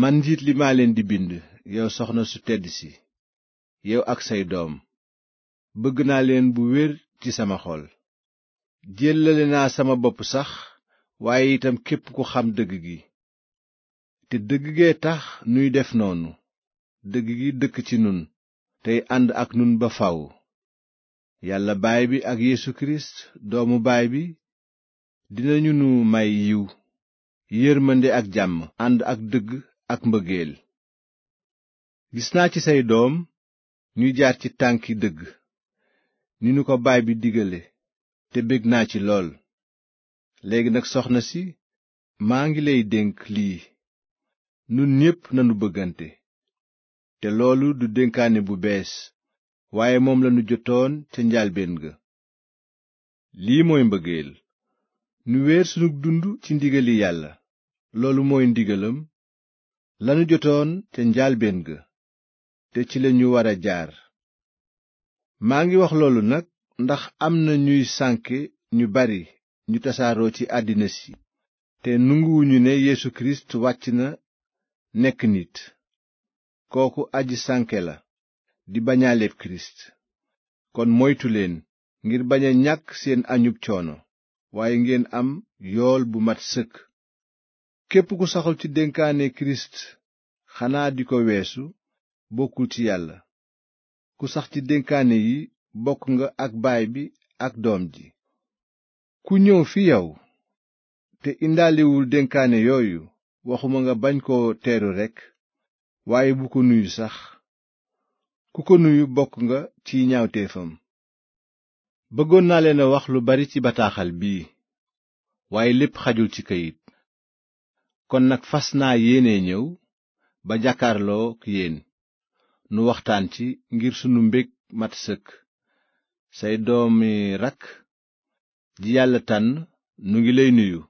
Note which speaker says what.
Speaker 1: man njiit li maa leen di bind yow soxna su tedd si yow ak say doom bëgg naa leen bu wér ci sama xol jéllale naa sama bopp sax waaye itam képp ku xam dëgg gi te dëgg gee tax nuy def noonu dëgg gi dëkk ci nun tey ànd ak nun ba faw yàlla baay bi ak Yesu kirist doomu baay bi dinañu nu may yiw yërmande ak jàmm ànd ak dëgg ak gis naa ci say doom ñuy jaar ci tànki dëgg ni nu ko baay bi digale te bég naa ci lool léegi nag soxna si maa ngi lay dénk lii nun ñépp nanu bëggante te loolu du dénkaane bu bees waaye moom lanu jotoon ca njaalbeen ga lii mooy mbëggeel nu wéer sunu dund ci ndigali yàlla loolu mooy ndigalam lanu jotoon ca njaalbéen ga te ci lañu wara jaar maa ngi wax loolu nag ndax am na ñuy sànke ñu bari ñu tasaaroo ci àddina si te nanguwuñu ne Yeesu Kirist wàcc na nekk nit kooku aji sànke la di bañaaleeb Kirist kon moytu leen ngir bañ a ñàkk seen añub coono waaye ngeen am yool bu mat sëkk képp ku saxul ci dénkaane kirist xanaa di ko weesu bokkul ci yàlla ku sax ci dénkaane yi bokk nga ak baay bi ak doom ji ku ñëw fi yow te indaaliwul dénkaane yooyu waxuma nga bañ koo teeru rekk waaye bu ko nuyu sax ku ko nuyu bokk nga ci ñaawteefam bëggoon naa leen wax lu bari ci bataaxal bii waaye lépp xajul ci kayit kon nag fas naa yéene ñëw ba jàkkaarlook yéen nu waxtaan ci ngir sunu mbég mat sëkk say doomi rakk ji yàlla tànn nu ngi lay nuyu